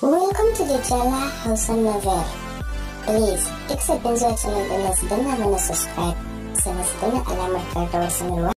Welcome to the Jella Hausa Novel. Please, duk sabbin zuwa channel din su danna mana subscribe sannan su danna alamar karrawar sanarwa.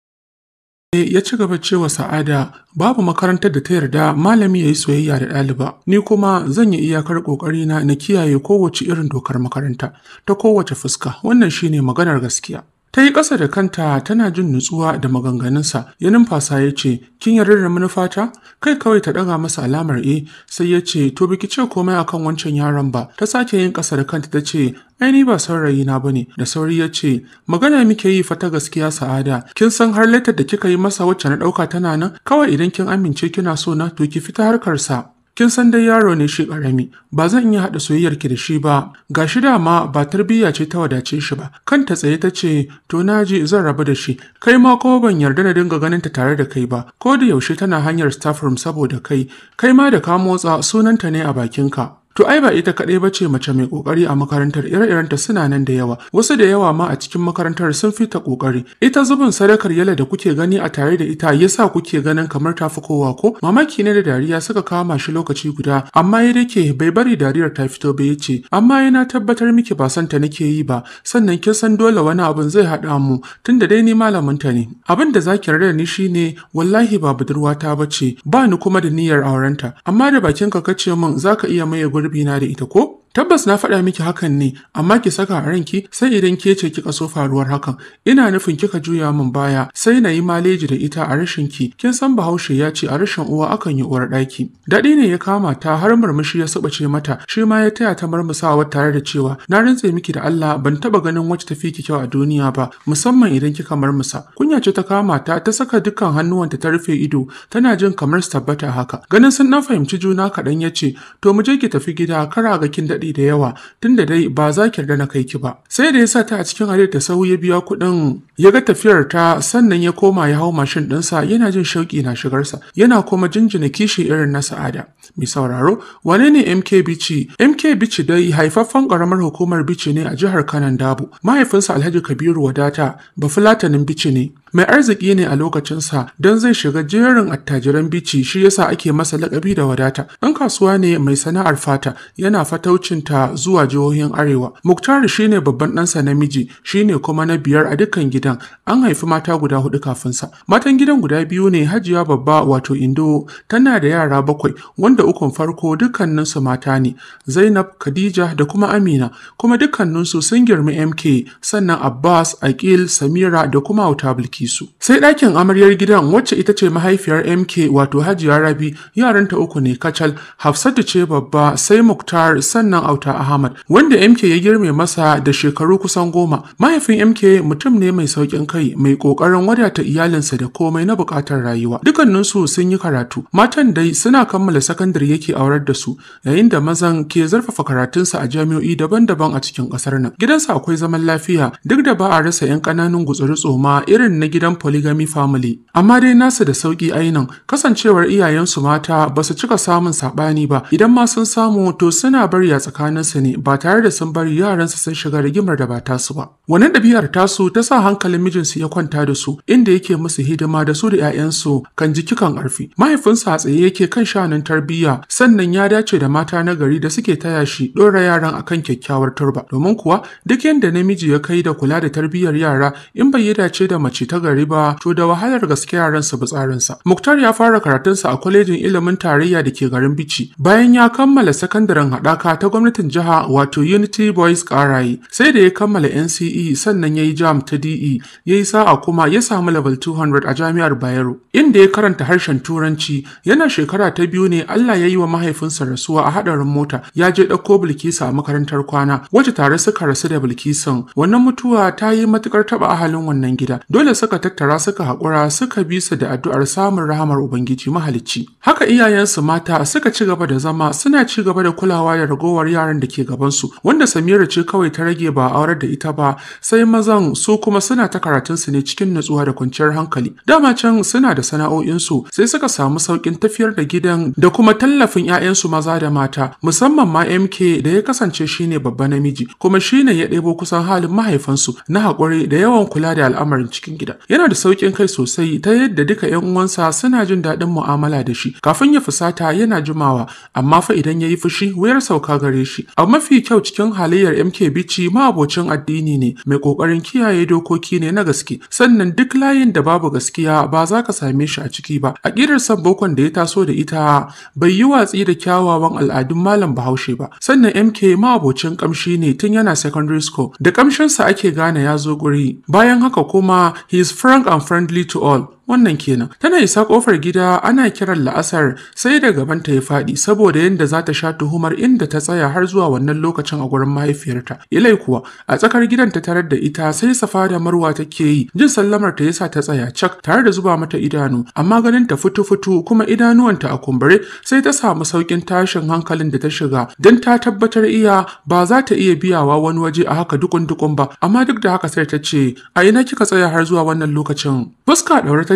Eh, ya ci gaba cewa Sa'ada babu makarantar da ta yarda malami ya yi soyayya da ɗaliba, ni kuma zan yi iyakar ƙoƙarina na kiyaye kowace irin dokar makaranta ta kowace fuska, wannan shine maganar gaskiya. ta yi ƙasa da kanta tana jin nutsuwa da maganganunsa ya numfasa ya ce kin yarda da manufata kai kawai ta ɗaga masa alamar e sai ya ce to biki ce komai akan wancan yaron ba ta sake yin ƙasa da kanta ta ce ai ni ba saurayi na ne." da sauri ya ce magana muke yi fata gaskiya sa'ada kin san har letar da kika yi masa wacce na ɗauka tana nan kawai idan kin amince kina so na to ki fita harkarsa kin san dai yaro ne shi karami ba zan iya haɗa soyayyar ki da shi ba ga shi dama ba tarbiyya ce ta wadace shi ba kanta tsaye ta ce to naji zan rabu da shi kai ma ko ban yarda na dinga ganin ta tare da kai ba ko da yaushe tana hanyar staff room saboda kai kai ma da ka motsa sunanta ne a bakin ka. To ai ba ita kaɗai ba ce mace mai ƙoƙari a makarantar ire-irenta suna nan da yawa, wasu da yawa ma a cikin makarantar sun fi ta ƙoƙari. Ita zubin sadakar yala da kuke gani a tare da ita yasa kuke ganin kamar ta fi kowa ko mamaki ne da dariya suka kama shi lokaci guda, amma ya dake bai bari dariyar ta fito ba ce, amma yana tabbatar miki ba san ta nake yi ba, sannan kin san dole wani abin zai haɗa mu tunda dai ni malamin ta ne. Abin da zaki rarra ni shine wallahi ba budurwata ba ce, ba ni kuma da niyyar aurenta, amma da bakinka ka ce min zaka iya maye rabi na da ita ko? Tabbas na faɗa miki hakan ne, amma ki saka a ranki sai idan ke ce kika so faruwar hakan. Ina nufin kika juya min baya sai na yi maleji da ita a rashin ki. Kin san Bahaushe ya ce a rashin uwa akan yi uwar ɗaki. Daɗi ne ya kama ta har murmushi ya subace mata, shi ma ya taya ta murmusawa tare da cewa na rantse miki da Allah ban taɓa ganin wacce tafi ki kyau a duniya ba, musamman idan kika murmusa. Kunya ce ta kama ta ta saka dukkan hannuwanta ta rufe ido, tana jin kamar su tabbata haka. Ganin sun ɗan fahimci juna kaɗan ya ce, to mu je ki tafi gida kara ga kin daɗi kuɗi da yawa tunda dai ba za ki yarda na kai ki ba sai da ya sa ta a cikin hare ta sau ya biya kuɗin ya ga tafiyar ta sannan ya koma ya hau mashin ɗinsa yana jin shauƙi na shigarsa yana kuma jinjina kishi irin na sa'ada mai sauraro wane ne mk bici mk bici dai haifaffen ƙaramar hukumar bici ne a jihar kanan Dabu. mahaifinsa alhaji kabiru wadata bafulatanin bici ne mai arziki ne a lokacinsa don zai shiga jerin attajiran bici shi yasa ake masa laƙabi da wadata ɗan kasuwa ne mai sana'ar fata yana fatauci fataucinta zuwa jihohin Arewa. Muktar shine babban ɗansa namiji, shine kuma na biyar a dukkan gidan. An haifi mata guda hudu kafin sa. Matan gidan guda biyu ne Hajiya babba wato Indo tana da yara bakwai wanda ukun farko dukkaninsu mata ne. Zainab, Khadija da kuma Amina kuma dukkaninsu sun girmi MK sannan Abbas, Akil, Samira da kuma wuta Bilkisu. Sai ɗakin amaryar gidan wacce ita ce mahaifiyar MK wato Hajiya Rabi yaranta uku ne kacal Hafsatu ce babba sai Muktar sannan wannan auta Ahmad wanda MK ya girme masa da shekaru kusan goma. Mahaifin MK mutum ne mai sauƙin kai mai ƙoƙarin wadata iyalinsa da komai na buƙatar rayuwa. Dukanninsu sun yi karatu. Matan dai suna kammala sakandare yake aurar da su yayin da mazan ke zarfafa karatunsa a jami'o'i daban-daban a cikin ƙasar nan. Gidansa akwai zaman lafiya duk da ba a rasa 'yan ƙananan gutsuri tsoma irin na gidan polygamy family. Amma dai nasu da sauƙi ainihin kasancewar iyayensu mata ba su cika samun saɓani ba idan ma sun samu to suna bari ya tsakaninsu ne ba tare da sun bari yaransu sun shiga rigimar da ba tasu ba. Wannan ɗabi'ar tasu ta sa hankalin mijinsu ya kwanta da su inda yake musu hidima da su da 'ya'yansu kan jiki kan ƙarfi. Mahaifinsa a tsaye yake kan shanun tarbiyya sannan ya dace da mata na gari da suke taya shi ɗora yaran akan kyakkyawar turba. Domin kuwa duk yadda namiji ya kai da kula da tarbiyyar yara in bai yi dace da mace ta gari ba to da wahalar gaske yaran su bi tsarinsa. Muktar ya fara karatunsa a kwalejin ilimin tarayya da ke garin Bici. bayan ya kammala sakandaren haɗaka ta gwamnatin jiha wato Unity Boys Karayi sai da ya kammala NCE sannan ya yi jam ta DE ya yi sa'a kuma ya samu level 200 a jami'ar Bayero inda ya karanta harshen Turanci yana shekara ta biyu ne Allah ya yi wa mahaifinsa rasuwa a hadarin mota ya je ɗauko Bilkisu a makarantar kwana wacce tare suka rasu da Bilkisan? wannan mutuwa ta yi matukar taba ahalin wannan gida dole suka tattara suka haƙura suka bi su da addu'ar samun rahamar Ubangiji mahalicci haka iyayensu mata suka ci gaba da zama suna ci gaba da kulawa da ragowar rayuwar yaran da ke gabansu wanda samira ce kawai ta rage ba aurar da ita ba sai mazan su kuma suna ta karatunsu ne cikin nutsuwa da kwanciyar hankali dama can suna da sana'o'insu sai suka samu saukin tafiyar da gidan da kuma tallafin 'ya'yansu maza da mata musamman ma mk da ya kasance shine babba namiji kuma shine ya ɗebo kusan halin mahaifansu na haƙuri da yawan kula da al'amarin cikin gida yana da sauƙin kai sosai ta yadda duka 'yan uwansa suna jin daɗin mu'amala da shi kafin ya fusata yana jimawa amma fa idan ya yi fushi wayar sauka gare kare shi abu mafi kyau cikin halayyar mk bici ma'abocin addini ne mai kokarin kiyaye dokoki ne na gaske sannan duk layin da babu gaskiya ba za ka same shi a ciki ba aƙidar son bokon da ya taso da ita bai yi watsi da kyawawan al'adun malam bahaushe ba sannan mk ma'abocin kamshi ne tun yana secondary school da kamshinsa ake gane ya zo guri bayan haka kuma he is frank and friendly to all wannan kenan tana isa kofar gida ana kiran la'asar sai da gabanta ya faɗi saboda yadda za ta sha tuhumar inda ta tsaya har zuwa wannan lokacin a gurin mahaifiyarta ilai kuwa a tsakar gidan ta tarar da ita sai safa da marwa take yi jin sallamar ta yasa ta tsaya cak tare da zuba mata idanu amma ganin ta futu-futu, kuma idanuwanta a kumbure sai ta samu saukin tashin hankalin da ta shiga don ta tabbatar iya ba za ta iya biyawa wani waje a haka dukun dukun ba amma duk da haka sai ta ce a ina kika tsaya har zuwa wannan lokacin fuska daure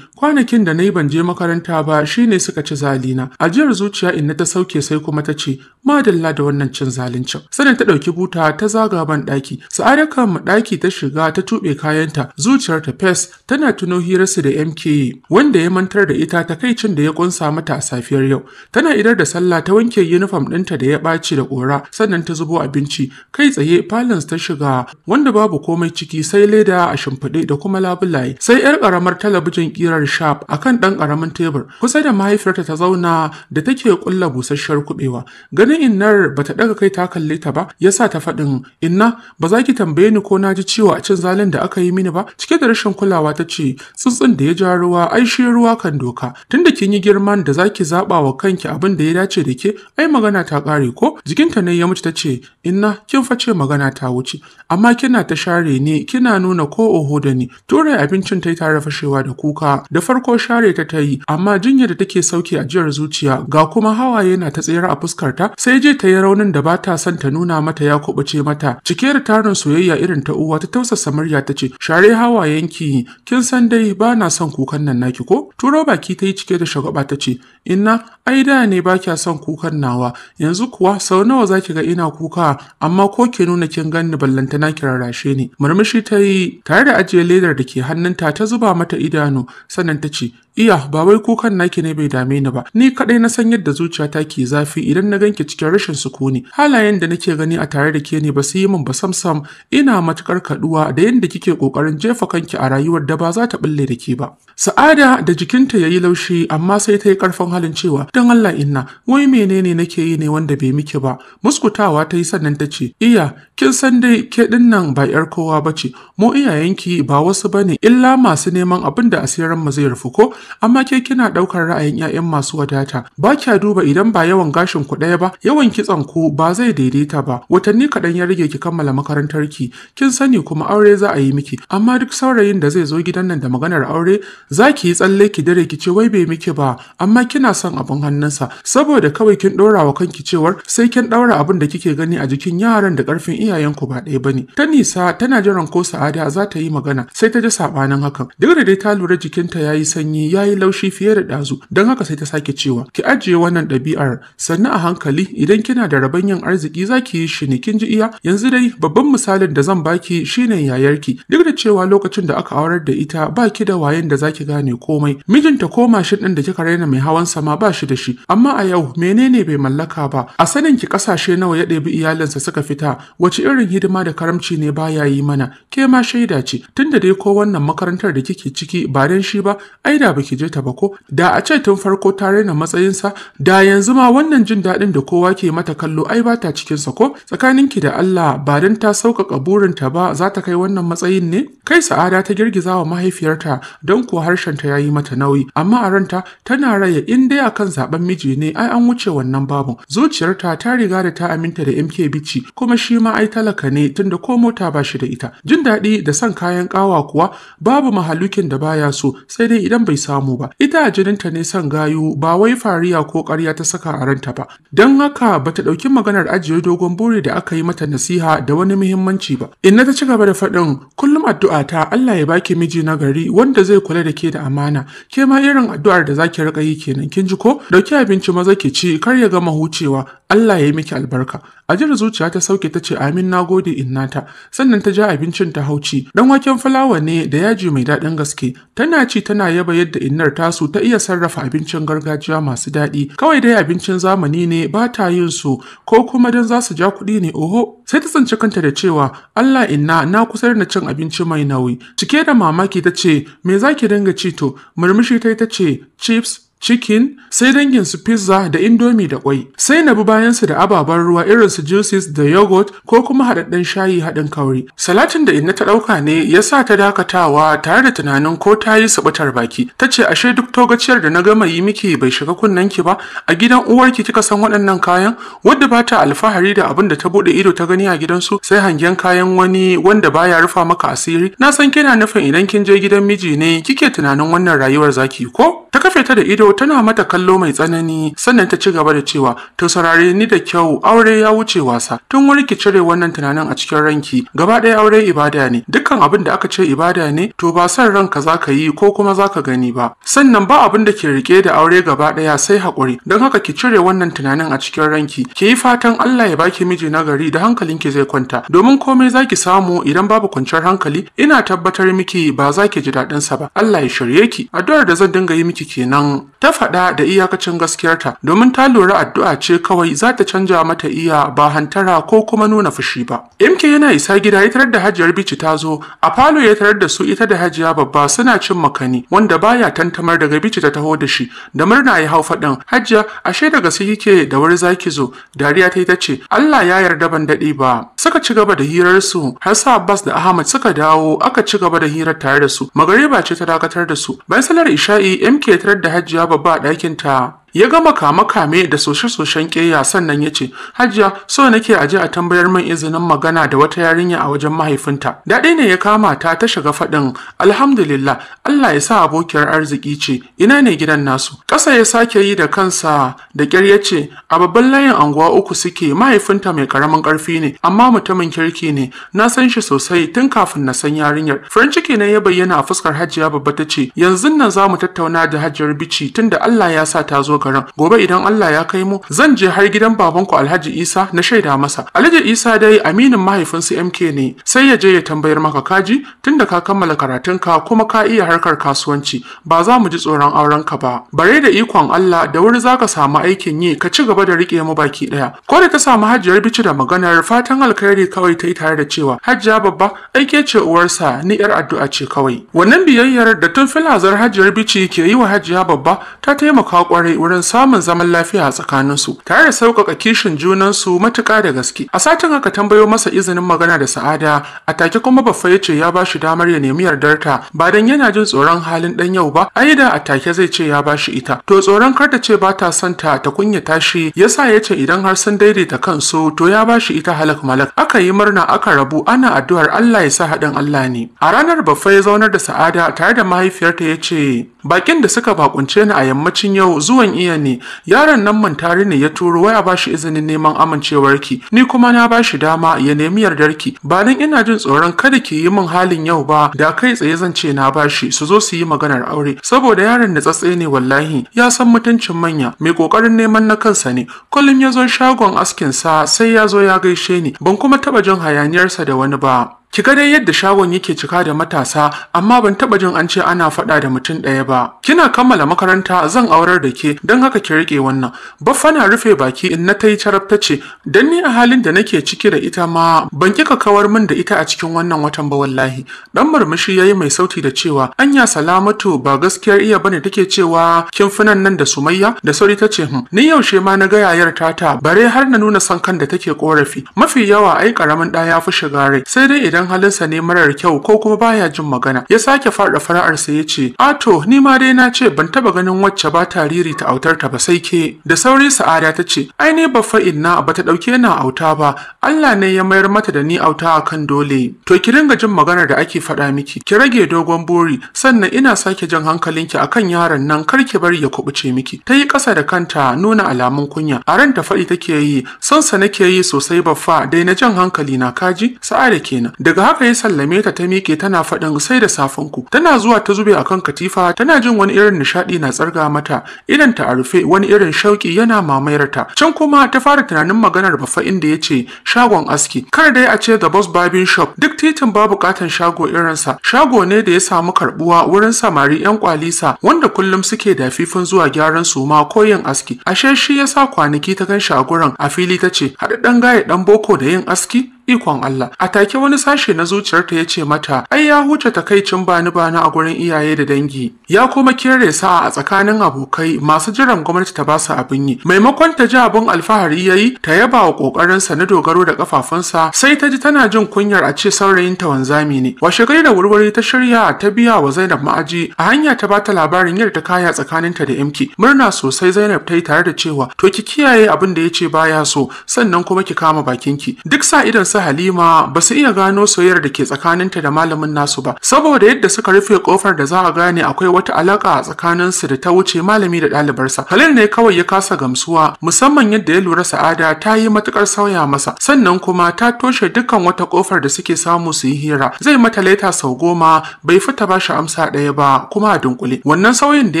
kwanakin da na yi ban je makaranta ba shine suka ci zalina ajiyar zuciya inna ta sauke sai kuma ta ce madalla da wannan cin zalincin. Sannan ta ɗauki buta ta zaga ban ɗaki sa'ada kan ɗaki ta shiga ta tuɓe kayanta zuciyar ta fes tana tuno hirarsu da mk wanda ya mantar da ita ta kai cin da ya ƙunsa mata a safiyar yau tana idar da sallah ta wanke yunifam ɗinta da ya ɓaci da ƙura sannan ta zubo abinci kai tsaye falons ta shiga wanda babu komai ciki sai leda a shimfiɗe da kuma labulaye sai 'yar karamar talabijin talabijin kirar sharp kan ɗan ƙaramin tebur kusa da mahaifiyarta ta zauna da take ƙulla busasshiyar kuɓewa ganin innar bata ɗaga kai ta kalle ta ba yasa ta faɗin inna ba za ki tambaye ni ko na ji ciwo a cin zalin da aka yi mini ba cike da rashin kulawa ta ce tsuntsun da ya ja ruwa ai shi ruwa kan doka tunda kin yi girman da za ki zaɓa wa kanki abin da ya dace da ke ai magana ta ƙare ko jikinta ne ya mutu ta ce inna kin face magana ta wuce amma kina ta share ne kina nuna ko oho da ni tura abincin ta yi tare fashewa da kuka da farko share ta tayi. amma jinya da take sauke ajiyar zuciya ga kuma hawaye na ta tsere a fuskarta sai je ta yi raunin da ba ta son ta nuna mata ya kubuce mata cike da tarin soyayya irin ta uwa ta tausasa murya ta ce share hawayenki kin san dai ba na son kukan nan naki ko turo baki ta yi cike da shagaba ta ce inna ai da ne ba kya son kukan nawa yanzu kuwa sau nawa zaki ga ina kuka amma ko ki nuna kin ganni ballantana ki rarrashe ni murmushi ta yi tare da ajiye ledar da ke hannunta ta zuba mata idanu Kano, sannan ta ce, Iya, ba wai kukan naki ne bai dame ni ba. Ni kadai na san yadda zuciyata ke zafi idan na ganki cikin rashin sukuni. Halayen da nake gani a tare da ke ne ba su yi min ba samsam. Ina matukar kaduwa da yadda kike kokarin jefa kanki a rayuwar da ba za ta bulle da ke ba. Sa'ada da jikinta yayi laushi amma sai ta yi karfin halin cewa dan Allah inna wai menene nake yi ne wanda bai miki ba. Muskutawa ta yi sannan ta ce, "Iya, kin san dai ke nan ba yar kowa bace. Mu iyayenki ba wasu bane illa masu neman abin da asirin mu zai rufu ko amma ke kina ɗaukar ra'ayin 'ya'yan masu wadata ba kya duba idan ba yawan gashin ku ɗaya ba yawan kitson ku ba zai daidaita ba watanni kaɗan ya rage ki kammala makarantar ki kin sani kuma aure za a yi miki amma duk saurayin da zai zo gidan nan da maganar aure za ki yi tsalle ki dare ki ce wai bai miki ba amma kina son abin hannunsa saboda kawai kin ɗora wa kanki cewar sai kin ɗaura abin da kike gani a jikin yaran da ƙarfin iyayenku ba ɗaya ba ne. ta nisa tana jiran ko sa'ada za ta yi magana sai ta ji saɓanin hakan duk da dai ta lura jikinta ya yi sanyi ya yi laushi fiye da ɗazu don haka sai ta sake cewa ki ajiye wannan ɗabi'ar sannan a hankali idan kina da rabon yin arziki za ki yi shi ne kin ji iya yanzu dai babban misalin da zan baki shine yayarki duk da cewa lokacin da aka aurar da ita ba ki da wayen da za ki gane komai mijinta ko mashin ɗin da kika raina mai hawan sama ba shi da shi amma a yau menene bai mallaka ba a sanin ki ƙasashe nawa ya ɗebi iyalinsa suka fita wace irin hidima da karamci ne baya yi mana ke ma shaida ce tunda dai ko wannan makarantar da kike ciki ba dan shi ba ai da baki je ta ba da a ce tun farko ta raina matsayinsa da yanzu ma wannan jin daɗin da kowa ke mata kallo ai ba ta sa ko Tsakanin ki da Allah ba don ta sauƙaƙa burinta ba za ta kai wannan matsayin ne kai sa'ada ta girgiza wa mahaifiyarta don kuwa harshenta ya yi mata nauyi amma a ranta tana raya in dai akan zaben miji ne ai an wuce wannan babu zuciyarta ta riga da ta aminta da MK Bichi kuma shi ma ai talaka ne tunda ko mota ba shi da ita jin daɗi da son kayan ƙawa kuwa babu mahalukin da baya so sai dai idan bai sa samu ba ita a jininta ne son gayu ba wai fariya ko ƙarya ta saka a ranta ba don haka ba ta ɗauki maganar ajiye dogon buri da aka yi mata nasiha da wani muhimmanci ba inna ta ci gaba da faɗin kullum addu'a ta Allah ya baki miji na gari wanda zai kula da ke da amana ke ma irin addu'ar da zaki rika yi kenan kin ji ko dauki abinci maza ki ci kar ya gama hucewa Allah ya yi miki albarka ajiyar zuciya ta sauke ta ce amin na gode innata sannan ta ja abincin ta hauci dan waken fulawa ne da yaji mai daɗin gaske tana ci tana yaba yadda innar tasu ta iya sarrafa abincin gargajiya masu daɗi kawai dai abincin zamani ne ba ta yin su ko kuma dan za su ja kuɗi ne oho sai ta tsinci kanta da cewa Allah inna na kusa da cin abinci mai nauyi cike da mamaki ta ce me zaki dinga ci to murmushi ta ta ce chips chicken, sai dangin su pizza da indomi da kwai. Sai na bi bayansu da ababen ruwa irin su juices da yogurt ko kuma haɗaɗɗen shayi haɗin kauri. Salatin da inna ta ɗauka ne ya sa ta dakatawa tare da tunanin ko ta yi su batar baki. Ta ce ashe duk togaciyar da na gama yi miki bai shiga kunnen ki ba a gidan uwarki kika san waɗannan kayan wadda ba ta alfahari da abin da ta buɗe ido ta gani a gidansu sai hangen kayan wani wanda baya rufa maka asiri. Na san kina nufin idan kin je gidan miji ne kike tunanin wannan rayuwar zaki ko? Ta kafe ta da ido tana mata kallo mai tsanani sannan ta ci gaba da cewa to sarare ni da kyau aure ya wuce wasa tun wuri ki cire wannan tunanin a cikin ranki gaba ɗaya aure ibada ne dukkan abin da aka ce ibada ne to ba san ranka zaka yi ko kuma zaka gani ba sannan ba abin da ke rike da aure gaba ɗaya sai hakuri don haka ki cire wannan tunanin a cikin ranki ki yi fatan Allah ya baki miji na gari da hankalinki zai kwanta domin komai zaki samu idan babu kwanciyar hankali ina tabbatar miki ba za ki ji daɗin sa ba Allah ya shirye ki addu'ar da zan dinga yi miki kenan ta faɗa da iyakacin gaskiyarta domin ta lura addu'a ce kawai za ta canja mata iya ba hantara ko kuma nuna fushi ba imke yana isa gida ya tarar da hajiyar bici ta zo a falo ya tarar da su ita da hajiya babba suna cin makani wanda baya tantamar daga bici ta taho da shi da murna ya hau faɗin hajiya ashe daga su kike da wuri zaki zo dariya ta yi ta ce Allah ya yarda ban daɗe ba suka ci gaba da hirar su har sa Abbas da Ahmad suka dawo aka ci gaba da hirar tare da su magariba ce ta dakatar da su bayan salar isha'i MK tarar da hajiya babba a ɗakin ta ya gama kame-kame da soshe-soshen ƙeya sannan ya ce hajiya so nake aje a tambayar min izinin magana da wata yarinya a wajen mahaifinta daɗi ne ya kama ta ta shiga faɗin alhamdulillah allah ya sa abokiyar arziki ce ina ne gidan nasu ƙasa ya sake yi da kansa da ƙyar ya ce a babban layin anguwa uku suke mahaifinta mai ƙaramin ƙarfi ne amma mutumin kirki ne na san shi sosai tun kafin na san yarinyar farin ciki ne ya bayyana a fuskar hajiya babba ta ce Yanzun nan za mu tattauna da hajiyar bici tunda allah ya sa ta zo karan gobe idan Allah ya kai mu zan je har gidan babanku Alhaji Isa na shaida masa Alhaji Isa dai aminin mahaifinsu MK ne sai ya je ya tambayar maka kaji tunda ka kammala karatunka kuma ka iya harkar kasuwanci ba za mu ji tsoron aurenka ba bare da ikon Allah da wuri zaka samu aikin yi ka ci gaba da rike mu baki daya ko da ta samu hajiyar bici da maganar fatan alkhairi kawai ta yi tare da cewa hajjiya babba aike ce uwarsa ni yar addu'a ce kawai wannan biyayyar da tun filazar hajiyar bici ke yi wa hajjiya babba ta taimaka kwarai wurin samun zaman lafiya a tsakaninsu tare da sauƙaƙa kishin junansu matuƙa da gaske a satin aka tambayo masa izinin magana da sa'ada a take kuma baffa ya ce ya ba shi damar ya nemi yardarta ba dan yana jin tsoron halin ɗan yau ba ai da a take zai ce ya ba shi ita to tsoron kar ta ce ba ta son ta ta kunyata shi yasa ya ce idan har sun daidaita kansu to ya ba shi ita halak malak aka yi murna aka rabu ana addu'ar Allah ya sa haɗin Allah ne a ranar baffa ya zaunar da sa'ada tare da mahaifiyarta ya ce bakin da suka bakunce ni a yammacin yau zuwan iya ne yaron nan mantari ne ya turo waya a bashi izinin neman amincewarki ni kuma na bashi dama ya nemi yardarki ba dan ina jin tsoron kada ki yi min halin yau ba da kai tsaye zan ce na bashi su zo su yi maganar aure saboda yaron da tsatsaye ne wallahi ya san mutuncin manya mai kokarin neman na kansa ne kullum ya zo shagon askin sa sai ya zo ya gaishe ni ban kuma taba jin hayaniyarsa da wani ba Ki ga dai yadda shagon yake cika da matasa amma ban taba jin an ce ana faɗa da mutum ɗaya ba. Kina kammala makaranta zan aurar da ke don haka ki rike wannan. Baffa na rufe baki in na yi carabta ce dan ni a halin da nake ciki da ita ma ban kika kawar min da ita a cikin wannan watan ba wallahi. Dan murmushi yayi mai sauti da cewa anya salamatu ba gaskiyar iya bane take cewa kin funan nan da Sumayya da sauri ta ce hm ni yaushe ma na ga yayar tata bare har na nuna son kan da take korafi. Mafi yawa ai karamin ɗaya ya fi shiga rai sai dai idan idan halinsa ne marar kyau ko kuma baya jin magana ya sake faɗa fara'arsa ya ce ato ni ma dai na ce ban taba ganin wacce ba ta riri ta autar ta ba sai ke da sauri sa'ada ta ce ai ne ba na ba ta ɗauke na auta ba Allah ne ya mayar mata da ni auta akan dole to ki ringa jin maganar da ake faɗa miki ki rage dogon buri sannan ina sake jan hankalinki kan yaron nan kar ki bari ya kubuce miki ta yi ƙasa da kanta nuna alamun kunya a ran ta faɗi take yi son sa nake yi sosai baffa dai na jan hankali na kaji sa'ada kenan daga haka ya sallame ta ta miƙe tana faɗin sai da safen ku tana zuwa ta zube akan katifa tana jin wani irin nishaɗi na tsarga mata idan ta rufe wani irin shauki yana mamayar ta can kuma ta fara tunanin maganar bafa inda ya ce shagon aski kar dai a ce the boss barbing shop duk titin babu katan shago irinsa shago ne da ya samu karɓuwa wurin samari yan kwalisa wanda kullum suke da fifin zuwa gyaran su ma ko yin aski ashe shi yasa kwanaki ta gan shagoran a fili ta ce haɗaɗɗen gaya ɗan boko da yin aski ikon Allah a take wani sashe na zuciyarta ya ce mata ai ya huce takaicin bani bani a gurin iyaye da dangi ya kuma kere sa a tsakanin abokai masu jiran gwamnati ta basu abin yi maimakon ta ji abin alfahari yayi ta yaba wa kokarin sa na dogaro da kafafunsa sai ta ji tana jin kunyar a ce saurayin ta wanzami ne washe gari da wurwuri ta shirya ta biya wa Zainab ma'aji a hanya ta bata labarin yadda ta kaya tsakaninta da MK murna sosai Zainab ta yi tare da cewa to ki kiyaye abin da ya yace baya so sannan kuma ki kama bakinki duk sa idan sa Halima ba su iya gano soyayyar da ke tsakaninta da malamin nasu ba saboda yadda suka rufe kofar da za a gane akwai wata alaka tsakanin su da ta wuce malami da ɗalibarsa. Halil ne kawai ya kasa gamsuwa musamman yadda ya lura Sa'ada ta yi matukar sauya masa sannan kuma ta toshe dukkan wata kofar da suke samu su yi hira zai mata leta sau goma bai fita ba shi amsa ɗaya ba kuma a dunkule wannan sauyin da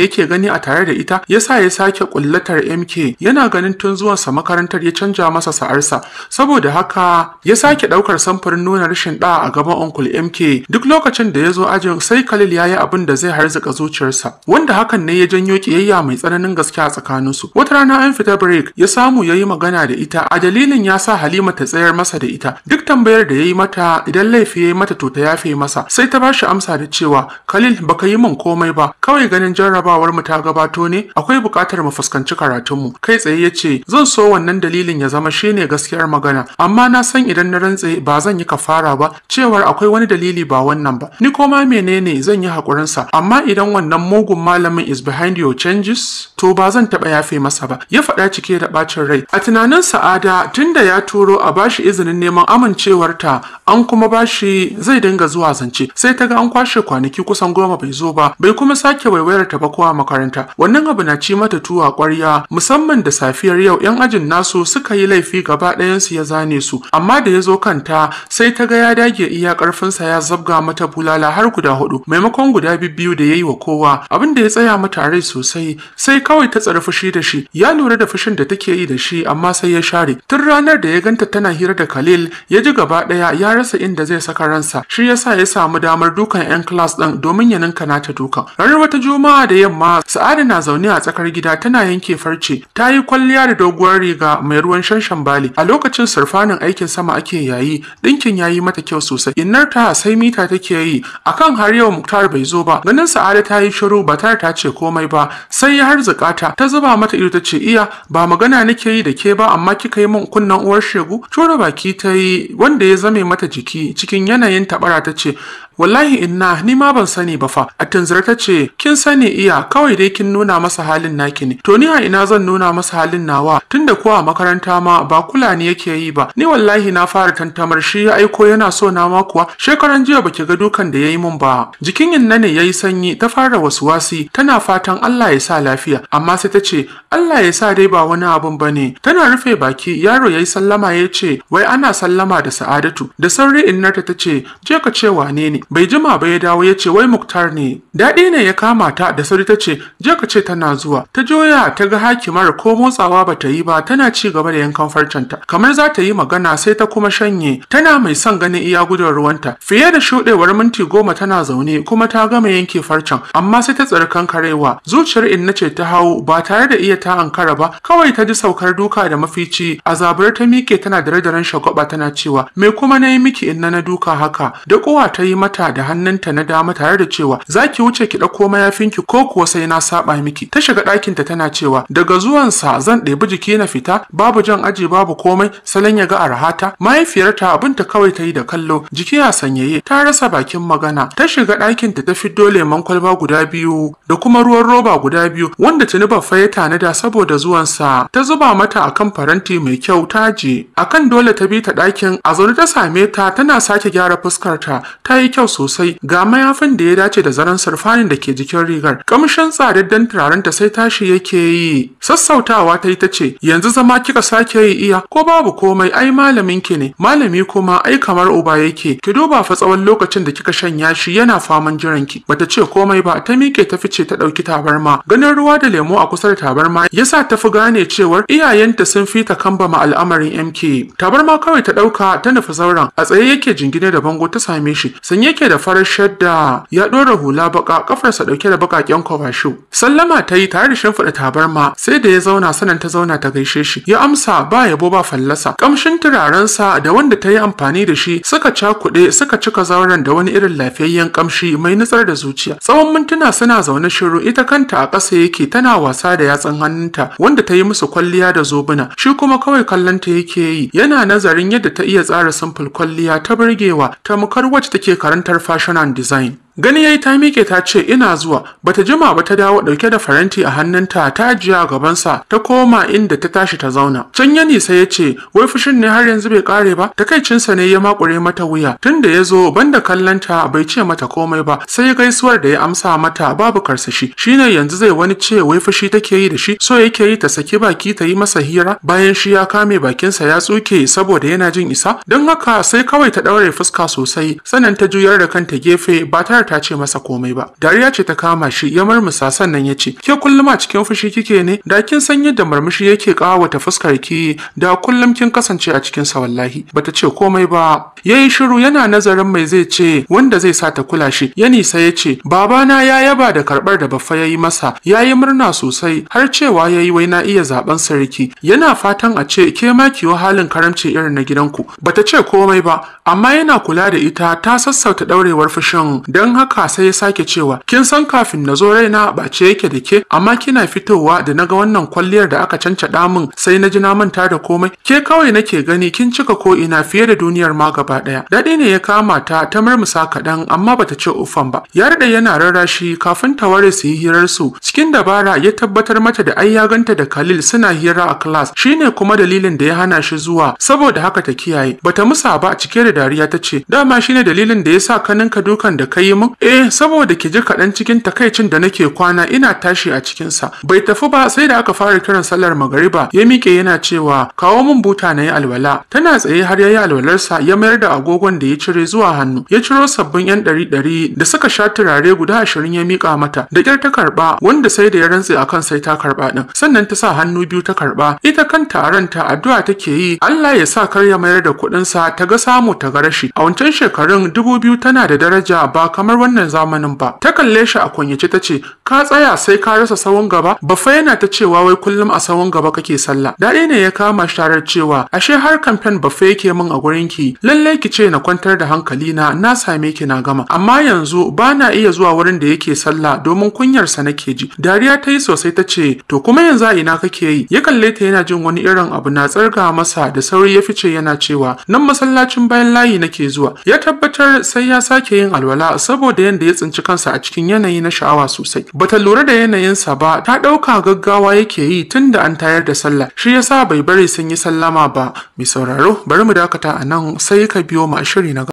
yake gani a tare da ita yasa ya sake kullatar MK yana ganin tun zuwansa makarantar ya canja masa sa'arsa saboda haka ya sake daukar samfurin nuna rashin da a gaban Uncle MK duk lokacin da ya zo ajin sai Khalil ya yi abin da zai harzuka zuciyarsa wanda hakan ne ya janyo kiyayya mai tsananin gaskiya tsakanin su wata rana an fita break ya samu yayi magana da ita a dalilin ya sa Halima ta tsayar masa da ita duk tambayar da ya yi mata idan laifi ya mata to ta yafe masa sai ta bashi amsa da cewa Khalil baka yi min komai ba kawai ganin jarrabawar mu ta gabato ne akwai buƙatar mu fuskanci karatunmu kai tsaye ya ce zan so wannan dalilin ya zama shine gaskiyar magana amma na san idan na rantse ba zan yi kafara ba cewar akwai wani dalili ba wannan ba ni koma menene zan yi hakurin sa amma idan wannan mugun malamin is behind your changes to ba zan taba yafe masa ba ya faɗa cike da bacin rai a tunanin sa'ada tunda ya turo a bashi izinin neman amincewar ta an kuma bashi zai dinga zuwa zance sai ta ga an kwashe kwanaki kusan goma bai zo ba bai kuma sake waiwayar ta ba ko a makaranta wannan abu na ci mata tuwa ƙwarya musamman da safiyar yau yan ajin nasu suka yi laifi gaba ɗayansu ya zane su amma da ya zo kanta sai ta ga ya dage iya karfinsa ya zabga mata bulala har guda hudu maimakon guda biyu da yayi wa kowa abin da ya tsaya mata rai sosai sai kawai ta tsara fushi da shi ya lura da fushin da take yi da shi amma sai ya share tun ranar da ya ganta tana hira da Khalil ya ji gaba daya ya rasa inda zai saka ransa shi yasa ya samu damar dukan yan class din domin ya ninka nata dukan ranar wata juma'a da yamma Sa'ada na zaune a tsakar gida tana yanke farce ta yi kwalliya da doguwar riga mai ruwan shanshan bali a lokacin surfanin aikin sama ake take yayi ɗinkin yayi mata kyau sosai innar ta sai mita take yi akan har yau muktar bai zo ba ganin sa'ada ta yi shiru ba tare ta ce komai ba sai ya har zukata ta zuba mata ido ta ce iya ba magana nake yi da ke ba amma kika yi min kunnan uwar shegu tura baki ta yi wanda ya zame mata jiki cikin yanayin tabara ta ce wallahi inna ni ma ban sani ba fa a tanzira ta ce kin sani iya kawai dai kin nuna masa halin naki ne to ni a ina zan nuna masa halin nawa tunda ko a makaranta ma ba kula ni yake yi ba ni wallahi na fara tantamar shi ya aiko yana so na ma kuwa shekaran jiya baki ga dukan da yayi mun ba jikin inna ne yayi sanyi ta fara wasu wasi, tana fatan Allah ya sa lafiya amma sai ta ce Allah ya sa dai ba wani abun bane tana rufe baki yaro yayi sallama ya ce wai ana sallama da sa'adatu da sauri inna ta ce je ka ce wane ne bai jima ba ya dawo ya ce wai muktar ne daɗi ne ya kama ta da sauri ta ce je ka ce tana zuwa ta joya ta ga hakimar ko motsawa ba ta yi ba tana ci gaba da yankan farcenta kamar za ta yi magana sai ta kuma shanye tana mai son ganin iya gudun ruwanta fiye da shuɗewar minti goma tana zaune kuma ta gama yanke farcen amma sai ta tsarkan karewa zuciyar inna ce ta hau ba tare da iya ta ankara ba kawai ta ji saukar duka da mafici a zabar ta miƙe tana da radaran shagwaba tana cewa me kuma na yi miki inna na duka haka da kowa ta yi mata mata da hannunta na dama tare da cewa za ki wuce ki ɗauko mayafinki ko kuwa sai na saba miki ta shiga ɗakinta tana cewa daga zuwansa zan ɗebi jiki na fita babu jan aji babu komai salon ya ga arhata mahaifiyarta abinta kawai ta yi da kallo jiki a sanyaye ta rasa bakin magana ta shiga ɗakinta ta fiddo man kwalba guda biyu da kuma ruwan roba guda biyu wanda tuni baffa ya da saboda zuwansa ta zuba mata akan faranti mai kyau ta je akan dole ta bi ta ɗakin a zaune ta same ta tana sake gyara fuskarta ta yi kyau sosai ga mayafin da ya dace da zaren sarfanin da ke jikin rigar kamshin tsadaddan turaren ta sai tashi yake yi sassautawa ta yi ta ce yanzu zama kika sake yi iya ko babu komai ai malamin ki ne malami kuma ai kamar uba yake ki duba fa tsawon lokacin da kika shanya shi yana faman jiran ki bata ce komai ba ta miƙe ta fice ta ɗauki tabarma ganin ruwa da lemo a kusa da tabarma yasa ta fi gane cewar iyayenta sun fi ta kambama al'amarin MK tabarma kawai ta ɗauka ta nufi zauren a tsaye yake jingine da bango ta same shi sanye yake da farar shadda ya ɗora hula baka kafarsa ɗauke da bakaken kwabashu sallama ta yi tare da shimfiɗa tabarma sai da ya zauna sanan ta zauna ta gaishe shi ya amsa ba yabo ba fallasa kamshin turarensa da wanda ta yi amfani da shi suka cakuɗe suka cika zauren da wani irin lafiyayyen kamshi mai nutsar da zuciya tsawon mintuna suna zaune shiru ita kanta a ƙasa yake tana wasa da yatsun hannunta wanda ta yi musu kwalliya da zobuna shi kuma kawai kallon ta yake yi yana nazarin yadda ta iya tsara simple kwalliya ta burgewa ta mukar wacce take karanta Oriental fashion and design. gani yayi ta mike ta ce ina zuwa bata jima ba ta dawo dauke da faranti a hannunta ta jiya gabansa ta koma inda ta tashi ta zauna can yani sai ya ce wai fushin ne har yanzu bai kare ba takaicinsa ne ya makure mata wuya tunda ya zo banda kallanta bai ce mata komai ba sai gaisuwar da ya amsa mata babu karsashi shine yanzu zai wani ce wai fushi take yi da shi so yake yi ta saki baki ta yi masa hira bayan shi ya kame bakinsa ya tsuke saboda yana jin isa don haka sai kawai ta daure fuska sosai Sannan ta juyar da kanta gefe ba ta ta ce masa komai ba dariya ce ta kama shi ya murmusa sannan ya ce ke kullum a cikin fushi kike ne da kin san yadda murmushi yake kawata fuskar ki da kullum kin kasance a cikin sa wallahi bata ce komai ba yayi shiru yana nazarin mai zai ce wanda zai sa ta kula shi ya nisa ya ce babana ya yaba da karɓar da baffa yi masa Ya yi murna sosai har cewa yayi wai na iya zaben sarki yana fatan a ce ke ma kiwo halin karamci irin na gidanku bata ce komai ba amma yana kula da ita ta sassauta daurewar fushin don haka sai ya sake cewa kin san kafin na zo raina ba ce yake da ke amma kina fitowa da naga wannan kwalliyar da aka cancaɗa min sai na ji na manta da komai ke kawai nake gani kin cika ko ina fiye da duniyar ma gaba ɗaya daɗi ne ya kama ta ta murmusa kaɗan amma bata ce ufan ba ya yana rarrashi kafin ta ware su yi hirar su cikin dabara ya tabbatar mata da ai ya ganta da Khalil suna hira a class shine kuma dalilin da ya hana shi zuwa saboda haka ta kiyaye bata musa ba cike da dariya ta ce dama shine dalilin da yasa kaninka dukan da kai min eh saboda ki ji kaɗan cikin takaicin da nake kwana ina tashi a cikinsa bai tafi ba sai da aka fara kiran sallar magariba ya miƙe yana cewa kawo min buta na yi alwala tana tsaye har ya yi alwalarsa ya mayar da agogon da ya cire zuwa hannu ya ciro sabbin yan ɗari ɗari da suka sha turare guda ashirin ya miƙa mata da ƙyar ta karɓa wanda sai da ya rantse akan kan sai ta karɓa ɗin sannan ta sa hannu biyu ta karɓa ita kanta a ranta addu'a take yi Allah ya sa kar ya mayar da kuɗinsa ta ga samu ta ga rashi a wancan shekarun dubu biyu tana da daraja ba kamar kamar wannan zamanin ba ta kalle shi a kunyace ta ce ka tsaya sai ka rasa sawun gaba ba fa yana ta cewa wai kullum a sawun gaba kake sallah daɗi ne ya kama tarar cewa ashe har kamfen ba fa yake min a gurin ki lallai ki ce na kwantar da hankali na na same ki na gama amma yanzu ba na iya zuwa wurin da yake sallah domin kunyar sa nake ji dariya ta yi sosai ta ce to kuma yanzu a ina kake yi ya kalle ta yana jin wani irin abu na tsarga masa da sauri ya fice yana cewa nan masallacin bayan layi nake zuwa ya tabbatar sai ya sake yin alwala saboda saboda yadda ya tsinci kansa a cikin yanayi na sha'awa sosai bata lura da yanayinsa ba ta ɗauka gaggawa yake yi tun da an tayar da sallah shi yasa bai bari sun yi sallama ba mai sauraro bari mu dakata a nan sai ka biyo mu a shiri na